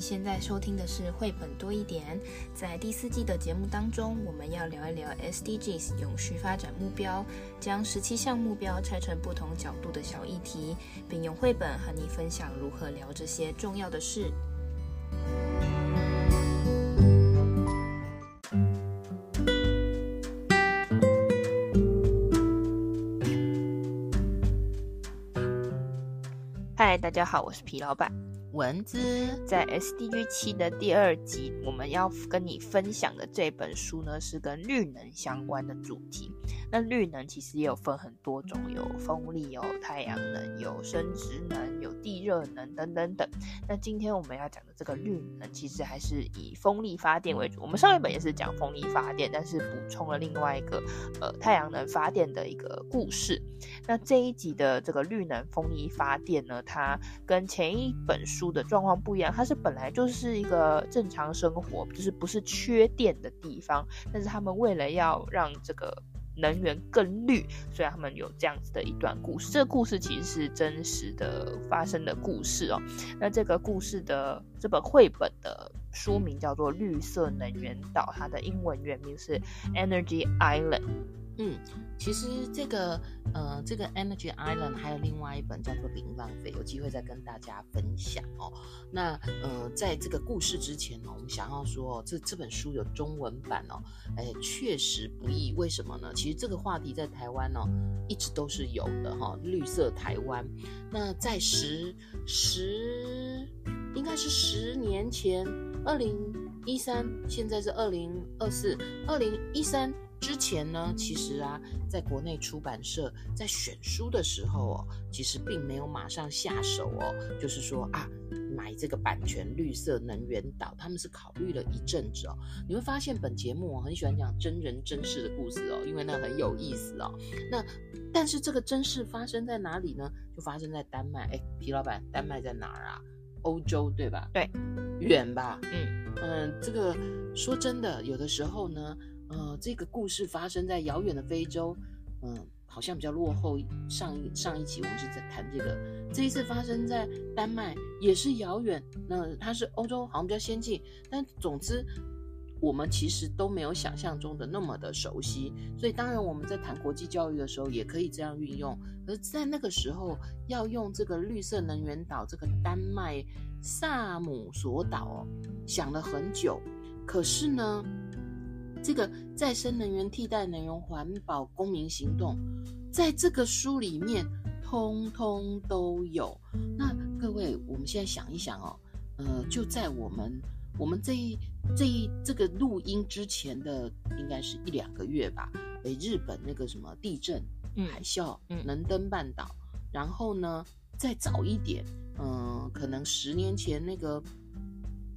現在收聽的是繪本多一點。在第四季的節目當中，我們要聊一聊 SDGs 永續發展目標，將十七項目標拆成不同角度的小議題，並用繪本和你分享如何聊這些重要的事。嗨，大家好，我是皮老板。文字，在 SDG7 的第二集，我們要跟你分享的這本書呢，是跟綠能相關的主題。那綠能其實也有分很多種，有風力哦，有太陽能，有生質能，有地熱能等等等等。那今天我們要講的這個綠能，其實還是以風力發電為主。我們上一本也是講風力發電，但是補充了另外一個呃太陽能發電的一個故事。那這一集的這個綠能風力發電呢，它跟前一本書的狀況不一樣，它是本來就是一個正常生活，就是不是缺電的地方，但是他們為了要讓這個能源更綠，所以他們有這樣子的一段故事。這個故事其實是真實的發生的故事哦。那這個故事的這本繪本的書名叫做《綠色能源島》，它的英文原名是《Energy Island》。嗯，其實這個呃，這個《Energy Island》還有另外一本叫做《零浪費》，有機會再跟大家分享哦。那呃，在這個故事之前呢，我們想要說，這這本書有中文版哦，哎，確實不易。為什麼呢？其實這個話題在台灣哦，一直都是有的哈、哦。綠色台灣，那在十十應該是十年前，二零一三，現在是二零二四，二零一三。之前呢，其實啊，在國內出版社在選書的時候哦，其實並沒有馬上下手哦，就是說啊，買這個版權《綠色能源島》，他們是考慮了一陣子哦。你會發現本節目我很喜歡講真人真事的故事哦，因為那很有意思哦。那但是這個真事發生在哪裡呢？就發生在丹麥。哎，皮老板，丹麥在哪兒啊？歐洲對吧？對，遠吧。嗯嗯，這個說真的，有的時候呢。呃，這個故事發生在遙遠的非洲，嗯，好像比較落後。上一上一期我們是在談這個，這一次發生在丹麥，也是遙遠。那、呃、它是歐洲，好像比較先進。但總之，我們其實都沒有想象中的那麼的熟悉。所以，當然我們在談國際教育的時候，也可以這樣運用。而在那個時候，要用這個綠色能源島，這個丹麥薩姆索島哦，想了很久。可是呢？這個再生能源、替代能源、環保公民行動，在這個書裡面通通都有。那各位，我們現在想一想哦，呃，就在我們我們這一這一這個錄音之前的，應該是一兩個月吧。哎，日本那個什麼地震、海嘯、能登半島、嗯嗯，然後呢，再早一點，嗯、呃，可能十年前那個。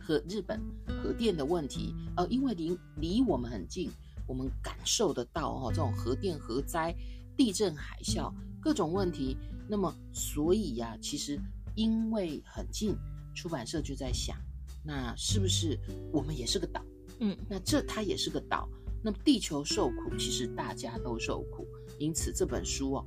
和日本核電的問題，呃，因為離離我們很近，我們感受得到哦。這種核電核災、地震海嘯各種問題。那麼，所以呀、啊，其實因為很近，出版社就在想，那是不是我們也是個島？嗯，那這它也是個島。那麼，地球受苦，其實大家都受苦。因此，這本書哦。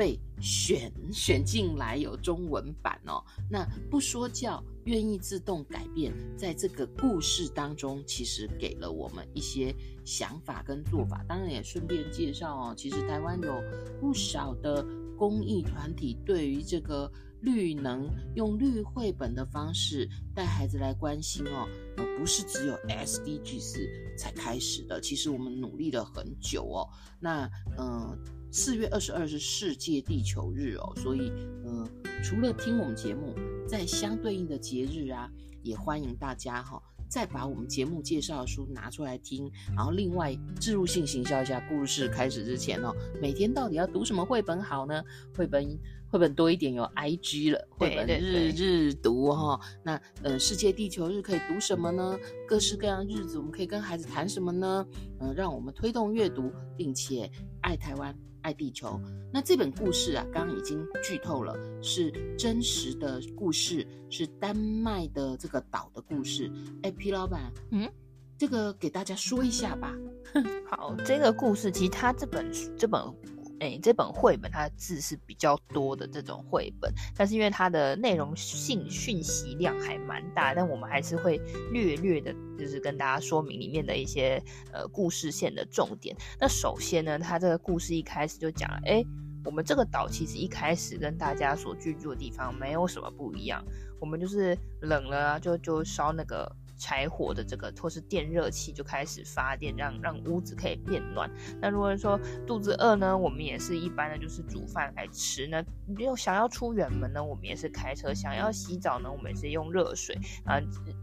被選選進來，有中文版哦，那不說教，願意自動改變，在這個故事當中，其實給了我們一些想法跟做法。當然也順便介紹哦，其實台灣有不少的公益團體，對於這個綠能用綠繪本的方式帶孩子來關心哦，呃，不是只有 SDGs 才開始的。其實我們努力了很久哦，那嗯。呃四月二十二是世界地球日哦，所以，呃、除了聽我們節目，在相對應的節日啊，也歡迎大家哈、哦，再把我們節目介紹的書拿出來聽，然後另外植入性形銷一下。故事開始之前哦，每天到底要讀什麼繪本好呢？繪本繪本多一點有 IG 了，繪本日日讀哈、哦。那，呃，世界地球日可以讀什麼呢？各式各樣的日子，我們可以跟孩子談什麼呢、呃？讓我們推動閱讀，並且愛台灣。愛地球，那這本故事啊，剛剛已經劇透了，是真實的故事，是丹麥的這個島的故事。哎、欸，皮老板，嗯，這個給大家說一下吧。哼，好，這個故事其實它這本書這本。誒，這本繪本它的字是比較多的這種繪本，但是因為它的內容性訊息量還蠻大，但我們還是會略略的，就是跟大家說明裡面的一些呃故事線的重點。那首先呢，它這個故事一開始就講了，誒，我們這個島其實一開始跟大家所居住的地方沒有什麼不一樣，我們就是冷了啊，就就燒那個。柴火的這個或是電熱器就開始發電，讓讓屋子可以變暖。那如果說肚子餓呢，我們也是一般的，就是煮飯來吃呢。你又想要出遠門呢，我們也是開車；想要洗澡呢，我們也是用熱水啊。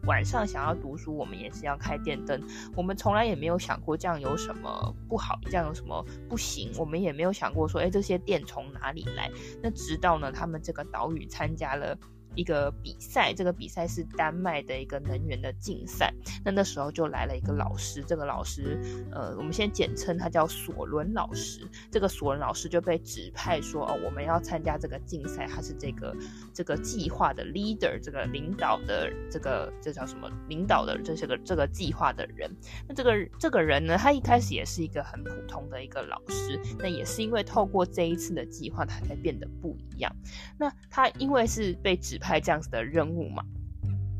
晚上想要讀書，我們也是要開電燈。我們從來也沒有想過這樣有什麼不好，這樣有什麼不行。我們也沒有想過說，誒，這些電從哪裡來？那直到呢，他們這個島嶼參加了，一個比賽，這個比賽是丹麥的一個能源的競賽。那那時候就來了一個老師，這個老師，呃，我們先簡稱他叫索倫老師。這個索倫老師就被指派說，哦，我們要參加這個競賽，他是這個這個計劃的 leader，這個領導的這個這叫什麼？領導的這是個這個計劃的人。那這個這個人呢，他一開始也是一個很普通的一個老師。那也是因為透過這一次的計劃，他才變得不一樣。那他因為是被指派。派這樣子的任務嘛，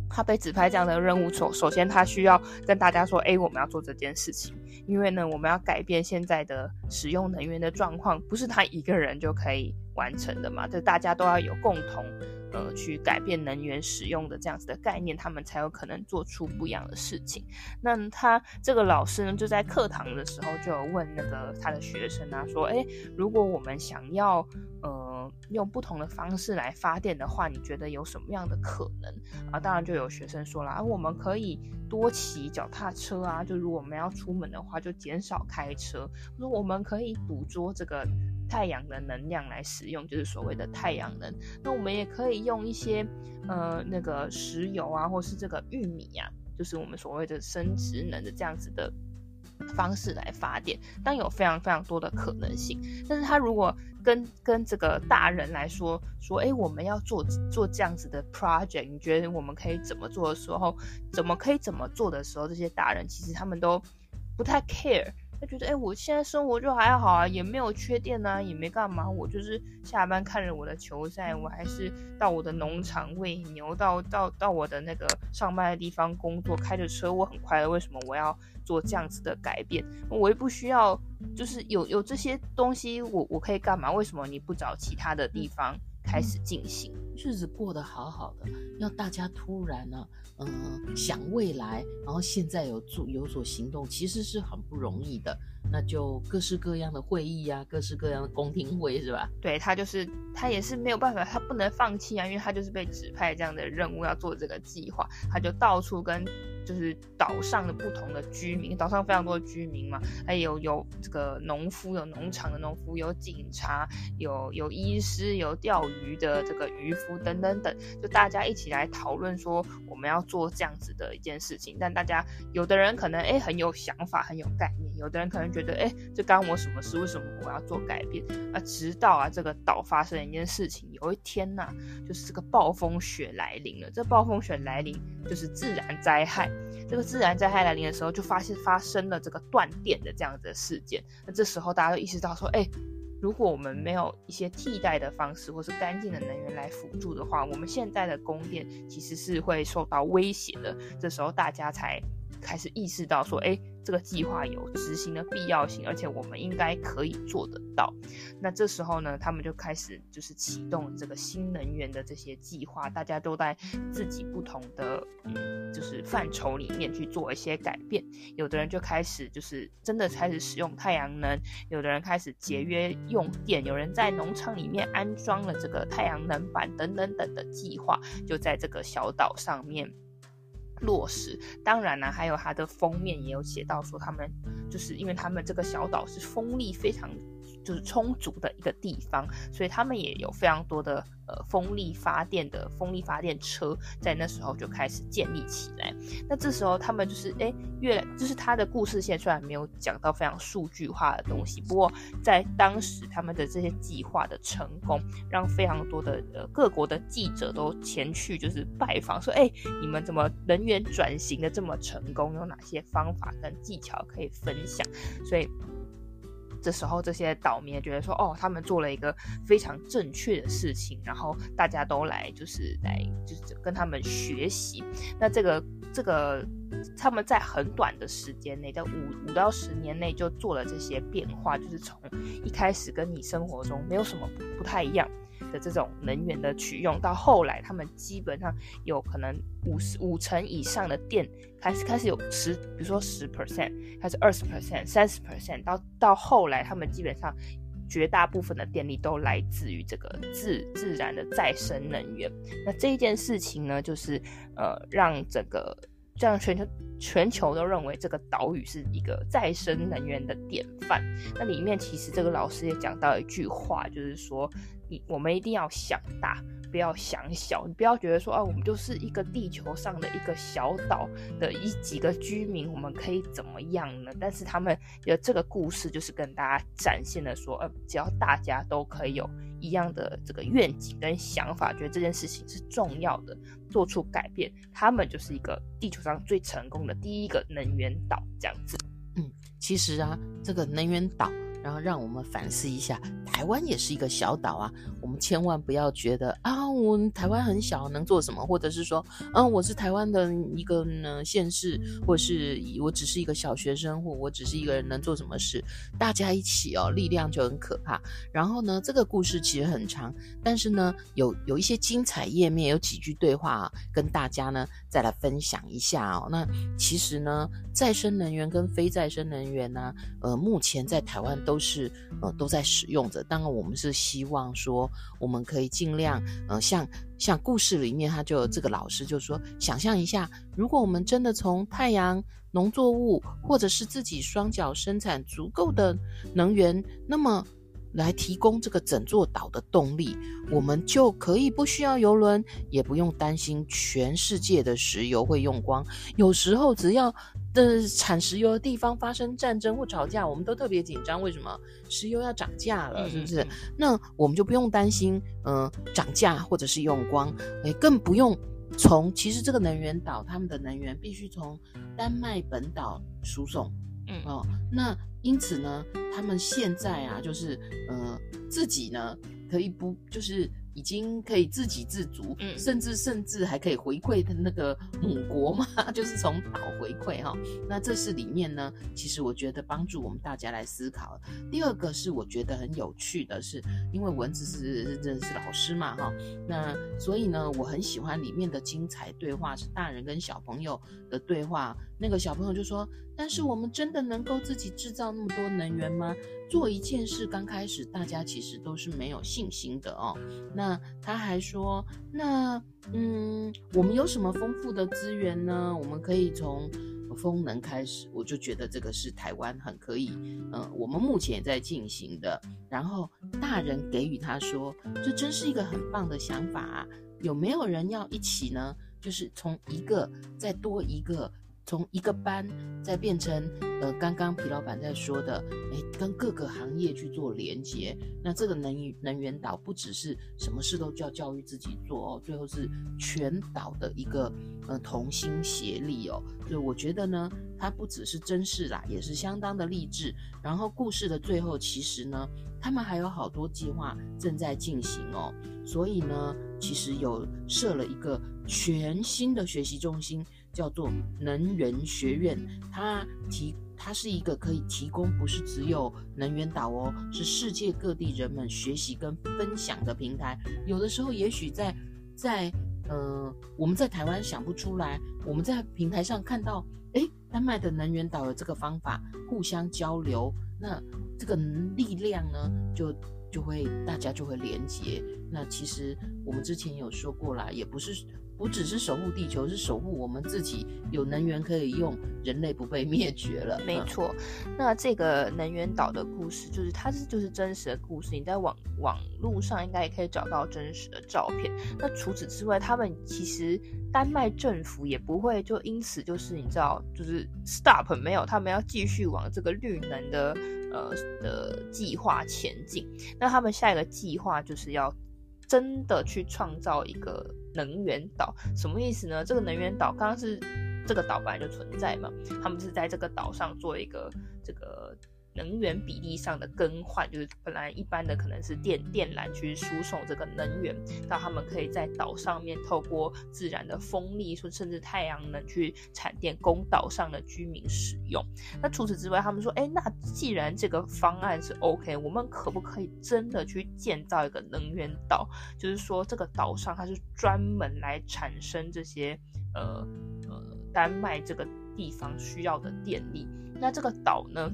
他被指派這樣的任務，首首先他需要跟大家說，哎、欸，我們要做這件事情，因為呢，我們要改變現在的使用能源的狀況，不是他一個人就可以完成的嘛，這大家都要有共同。呃，去改變能源使用的這樣子的概念，他們才有可能做出不一樣的事情。那他這個老師呢，就在課堂的時候就有問那個他的學生啊，說，誒、欸，如果我們想要呃用不同的方式來發電的話，你覺得有什麼樣的可能啊？然後當然就有學生說了，啊，我們可以多騎腳踏車啊，就如果我們要出門的話，就減少開車。說我們可以捕捉這個。太陽的能量來使用，就是所謂的太陽能。那我們也可以用一些呃，那個石油啊，或是這個玉米啊，就是我們所謂的生質能的這樣子的方式來發電，但有非常非常多的可能性。但是，他如果跟跟這個大人來說說，哎、欸，我們要做做這樣子的 project，你覺得我們可以怎麼做的時候，怎麼可以怎麼做的時候，這些大人其實他們都不太 care。他覺得，哎、欸，我現在生活就還好啊，也沒有缺電吶、啊，也沒幹嘛。我就是下班看着我的球賽，我還是到我的農場餵牛，到到到我的那個上班的地方工作，開着車我很快樂。為什麼我要做這樣子的改變？我也不需要，就是有有這些東西我，我我可以幹嘛？為什麼你不找其他的地方開始進行？日子過得好好的，要大家突然呢、啊，嗯，想未來，然後現在有做有所行動，其實是很不容易的。那就各式各樣的會議呀、啊，各式各樣的公聽會，是吧？對，他就是他也是沒有辦法，他不能放棄啊，因為他就是被指派這樣的任務要做這個計劃，他就到處跟。就是島上的不同的居民，島上非常多的居民嘛，還有有這個農夫，有農場的農夫，有警察，有有醫師，有釣魚的這個漁夫等等等，就大家一起來討論說我們要做這樣子的一件事情。但大家有的人可能哎、欸，很有想法，很有概念；有的人可能覺得哎、欸，這干我什麼事？為什麼我要做改變？啊，直到啊這個島發生了一件事情，有一天吶、啊，就是這個暴風雪來臨了。這暴風雪來臨就是自然災害。這個自然災害來臨的時候，就發現發生了這個斷電的這樣的事件。那這時候大家就意識到說，哎、欸，如果我們沒有一些替代的方式，或是乾淨的能源來輔助的話，我們現在的供電其實是會受到威脅的。這時候大家才開始意識到說，誒，這個計劃有執行的必要性，而且我們應該可以做得到。那這時候呢，他們就開始就是啟動這個新能源的這些計劃，大家都在自己不同的嗯，就是範疇裡面去做一些改變。有的人就開始就是真的開始使用太陽能，有的人開始節約用電，有人在農場裡面安裝了這個太陽能板等等等的計劃，就在這個小島上面。落實，當然呢，還有它的封面也有寫到說，他們就是因為他們這個小島是風力非常，就是充足的一個地方，所以他們也有非常多的呃風力發電的風力發電車，在那時候就開始建立起來。那這時候他們就是誒、欸，越來就是他的故事線雖然沒有講到非常數據化的東西，不過在當時他們的這些計劃的成功，讓非常多的呃各國的記者都前去就是拜訪，說誒、欸，你們怎麼能源轉型的這麼成功？有哪些方法跟技巧可以分享？所以。這時候，這些島民也覺得說：“哦，他們做了一個非常正確的事情，然後大家都來，就是來，就是跟他們學習。那這個，這個，他們在很短的時間內，在五五到十年內就做了這些變化，就是從一開始跟你生活中沒有什麼不，不太一樣。”的這種能源的取用，到後來他們基本上有可能五、五成以上的電開始開始有十，比如說十 percent，開始二十 percent，三十 percent，到到後來他們基本上絕大部分的電力都來自於這個自自然的再生能源。那這一件事情呢，就是呃讓整個。這樣全球全球都認為這個島嶼是一個再生能源的典範。那裡面其實這個老師也講到一句話，就是說，你我們一定要想大。不要想小，你不要覺得說啊，我們就是一個地球上的一個小島的一幾個居民，我們可以怎麼樣呢？但是他們有這個故事，就是跟大家展現的說，呃、啊，只要大家都可以有一樣的這個願景跟想法，覺得這件事情是重要的，做出改變，他們就是一個地球上最成功的第一個能源島這樣子。嗯，其實啊，這個能源島，然後讓我們反思一下。台灣也是一個小島啊，我們千萬不要覺得啊，我台灣很小能做什麼？或者是說，嗯，啊，我是台灣的一個呢縣市，或是我只是一個小學生，或我只是一個人能做什麼事？大家一起哦，力量就很可怕。然後呢，這個故事其實很長，但是呢，有有一些精彩頁面，有幾句對話、啊，跟大家呢再來分享一下哦。那其實呢，再生能源跟非再生能源呢，啊，呃，目前在台灣都是呃都在使用當然，我們是希望說，我們可以盡量，呃，像像故事裡面，他就這個老師就說，想象一下，如果我們真的從太陽、農作物，或者是自己雙腳生產足夠的能源，那麼。來提供這個整座島的動力，我們就可以不需要油輪，也不用擔心全世界的石油會用光。有時候只要的、呃、產石油的地方發生戰爭或吵架，我們都特別緊張。為什麼石油要漲價了？是不是？ 那我們就不用擔心，嗯、呃，漲價或者是用光，誒、欸，更不用從其實這個能源島他們的能源必須從丹麥本島輸送。嗯哦，那因此呢，他們現在啊，就是呃，自己呢可以不，就是已經可以自給自足，嗯，甚至甚至還可以回饋的那個母國嘛，就是從島回饋哈、哦。那這是裡面呢，其實我覺得幫助我們大家來思考。第二個是我覺得很有趣的是，因為文字是認識老師嘛哈、哦，那所以呢，我很喜歡裡面的精彩對話，是大人跟小朋友的對話。那個小朋友就說。但是我們真的能夠自己製造那麼多能源嗎？做一件事剛開始，大家其實都是沒有信心的哦。那他還說，那嗯，我們有什麼豐富的資源呢？我們可以從風能開始，我就覺得這個是台灣很可以。嗯，呃，我們目前也在進行的。然後大人給予他說，這真是一個很棒的想法啊！有沒有人要一起呢？就是從一個再多一個。從一個班再變成，呃，剛剛皮老闆在說的，哎，跟各個行業去做連接，那這個能源能源島不只是什麼事都叫教育自己做哦，最後是全島的一個呃同心協力哦，所以我覺得呢，它不只是真事，啦，也是相當的勵志。然後故事的最後，其實呢，他們還有好多計劃正在進行哦，所以呢，其實有設了一個全新的學習中心。叫做能源學院，它提它是一個可以提供，不是只有能源島哦，是世界各地人們學習跟分享的平台。有的時候，也許在在呃，我們在台灣想不出來，我們在平台上看到，誒，丹麥的能源島有這個方法，互相交流，那這個力量呢，就就會大家就會連接。那其實我們之前有說過啦，也不是。不只是守護地球，是守護我們自己。有能源可以用，人類不被滅絕了，嗯。沒錯。那這個能源島的故事，就是它是就是真實的故事。你在網網路上應該也可以找到真實的照片。那除此之外，他們其實丹麥政府也不會就因此就是你知道就是 stop 沒有，他們要繼續往這個綠能的呃的計劃前進。那他們下一個計劃就是要真的去創造一個。能源島什麼意思呢？這個能源島，剛剛是這個島本來就存在嘛，他們是在這個島上做一個這個。能源比例上的更換，就是本來一般的可能是電電纜去輸送這個能源，那他們可以在島上面透過自然的風力，說甚至太陽能去產電供島上的居民使用。那除此之外，他們說，哎，那既然這個方案是 OK，我們可不可以真的去建造一個能源島？就是說這個島上它是專門來產生這些呃呃丹麥這個地方需要的電力。那這個島呢？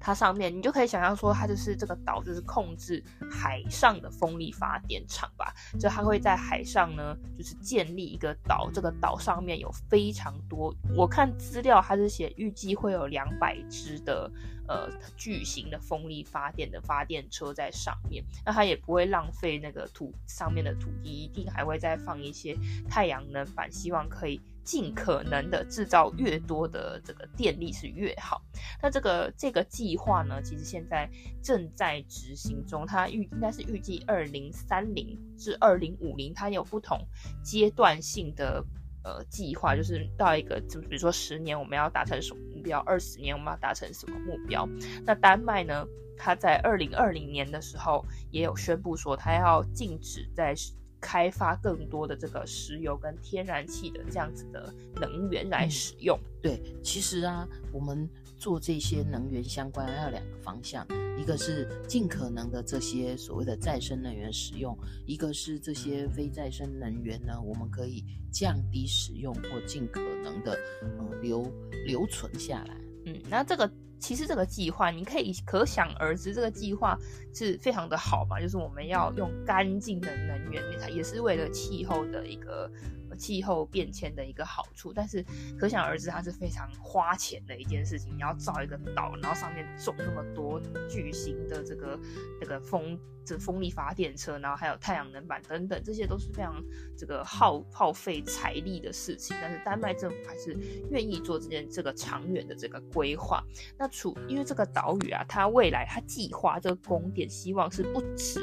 它上面，你就可以想象說，它就是這個島，就是控制海上的風力發電廠吧。就它會在海上呢，就是建立一個島，這個島上面有非常多。我看資料，它是寫預計會有兩百隻的呃巨型的風力發電的發電車在上面。那它也不會浪費那個土上面的土地，一定還會再放一些太陽能板，希望可以。盡可能的製造越多的這個電力是越好。那這個這個計劃呢，其實現在正在執行中。它預應該是預計二零三零至二零五零，它有不同階段性的呃計劃，就是到一個，就比如說十年我們要達成什麼目標，二十年我們要達成什麼目標。那丹麥呢，它在二零二零年的時候也有宣布說，它要禁止在開發更多的這個石油跟天然氣的這樣子的能源來使用。嗯、對，其實啊，我們做這些能源相關，要有兩個方向，一個是盡可能的這些所謂的再生能源使用，一個是這些非再生能源呢，我們可以降低使用或盡可能的嗯、呃、留留存下來。嗯，那這個其實這個計劃，你可以可想而知，這個計劃是非常的好嘛，就是我們要用乾淨的能源，它也是為了氣候的一個。氣候變遷的一個好處，但是可想而知，它是非常花錢的一件事情。你要造一個島，然後上面種那麼多巨型的這個這個風這個、風力發電車，然後還有太陽能板等等，這些都是非常這個耗耗費財力的事情。但是丹麥政府還是願意做這件這個長遠的這個規劃。那除因為這個島嶼啊，它未來它計劃這個供電，希望是不止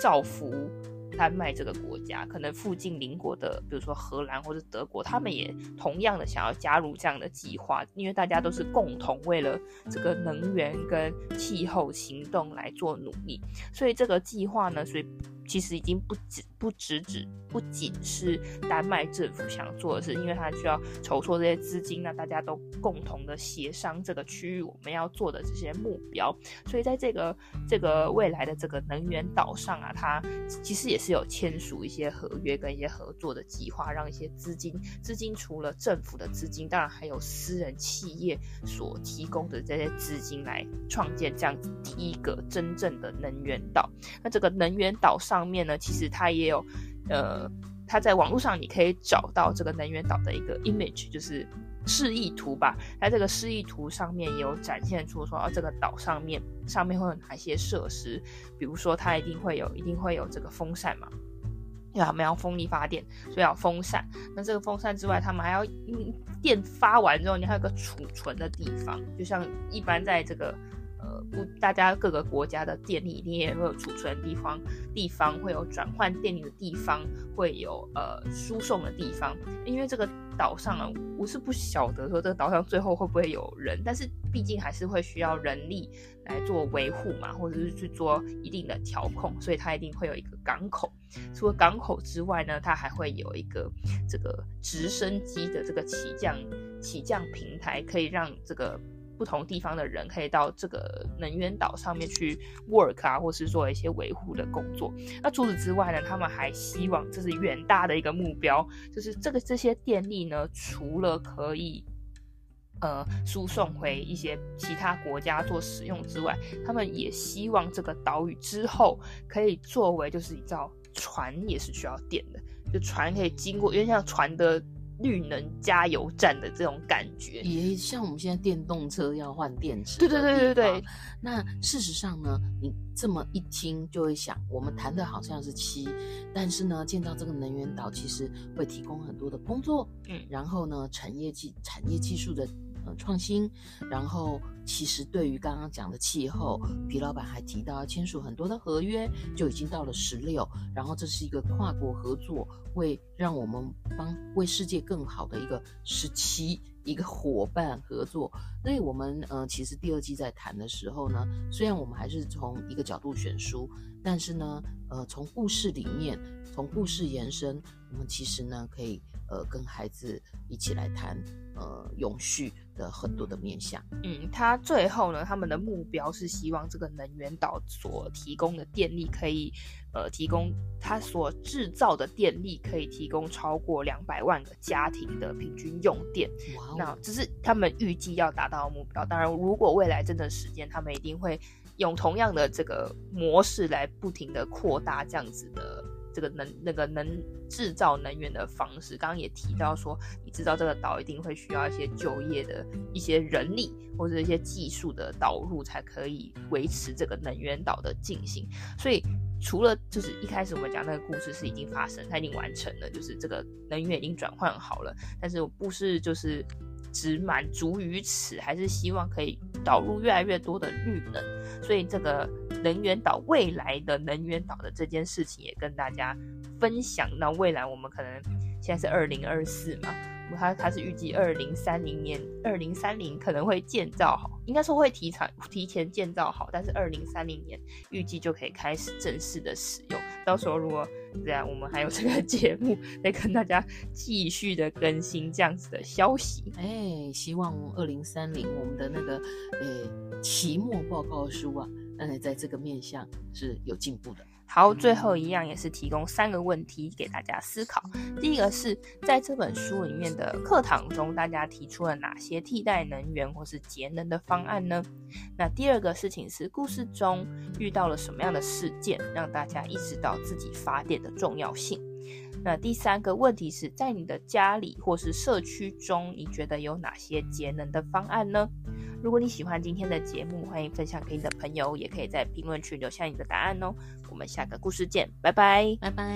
造福。丹麥這個國家，可能附近鄰國的，比如說荷蘭或者德國，他們也同樣的想要加入這樣的計劃，因為大家都是共同為了這個能源跟氣候行動來做努力，所以這個計劃呢，所以。其實已經不只不只只不僅是丹麥政府想做的事。因為他需要籌措這些資金，那大家都共同的協商這個區域我們要做的這些目標。所以在這個這個未來的這個能源島上啊，他其實也是有簽署一些合約跟一些合作的計劃，讓一些資金資金，除了政府的資金，當然還有私人企業所提供的這些資金來創建這樣子第一個真正的能源島。那這個能源島上。方面呢，其實它也有，呃，它在網絡上你可以找到這個能源島的一個 image，就是示意圖吧。它這個示意圖上面也有展現出說，啊，這個島上面上面會有哪些設施？比如說，它一定會有，一定會有這個風扇嘛，因為他們要風力發電，所以要風扇。那這個風扇之外，他們還要嗯電發完之後，你還有個儲存的地方，就像一般在這個。呃，不，大家各個國家的電力一定也會有儲存的地方，地方會有轉換電力的地方，會有呃輸送的地方。因為這個島上啊，我是不曉得說這個島上最後會不會有人，但是畢竟還是會需要人力來做維護嘛，或者是去做一定的調控，所以它一定會有一個港口。除了港口之外呢，它還會有一個這個直升機的這個起降起降平台，可以讓這個。不同地方的人可以到這個能源島上面去 work 啊，或是做一些維護的工作。那除此之外呢，他們還希望這是遠大的一個目標，就是這個這些電力呢，除了可以呃輸送回一些其他國家做使用之外，他們也希望這個島嶼之後可以作為，就是你知道船也是需要電的，就船可以經過，因為像船的。綠能加油站的這種感覺，也像我們現在電動車要換電池。對,對對對對對。那事實上呢，你這麼一聽就會想，我們談的好像是7，但是呢，建造這個能源島其實會提供很多的工作。嗯，然後呢，產業技產業技術的。創新，然後其實對於剛剛講的氣候，皮老板還提到要簽署很多的合約，就已經到了十六，然後這是一個跨國合作，為讓我們幫為世界更好的一個十七，一個夥伴合作。所以我們呃，其實第二季在談的時候呢，雖然我們還是從一個角度選書，但是呢。呃，從故事裡面，從故事延伸，我們其實呢可以呃跟孩子一起來談呃永續的很多的面向。嗯，他最後呢，他們的目標是希望這個能源島所提供的電力可以呃提供，他所製造的電力可以提供超過兩百萬個家庭的平均用電。哇！那這是他們預計要達到的目標。當然，如果未來真的實現，他們一定會。用同樣的這個模式來不停地擴大這樣子的這個能那個能制造能源的方式。剛剛也提到說，你知道這個島一定會需要一些就業的一些人力或者一些技術的導入，才可以維持這個能源島的進行。所以除了就是一開始我們講那個故事是已經發生，它已經完成了，就是這個能源已經轉換好了，但是不是就是。只滿足於此，還是希望可以導入越來越多的綠能？所以這個能源島未來的能源島的這件事情也跟大家分享。那未來我們可能現在是二零二四嘛，它、它是預計二零三零年，二零三零可能會建造好，應該說會提提前建造好，但是二零三零年預計就可以開始正式的使用。到時候如果這樣、啊、我們還有這個節目在跟大家繼續的更新這樣子的消息。哎，希望二零三零我們的那個呃、哎、期末報告書啊。嗯，在這個面向是有進步的。好，嗯，最後一樣也是提供三個問題給大家思考。第一個是在這本書裡面的課堂中，大家提出了哪些替代能源或是節能的方案呢？那第二個事情是故事中遇到了什麼樣的事件，讓大家意識到自己發電的重要性？那第三個問題是在你的家裡或是社區中，你覺得有哪些節能的方案呢？如果你喜歡今天的節目，歡迎分享給你的朋友，也可以在評論區留下你的答案哦。我們下個故事見，拜拜，拜拜。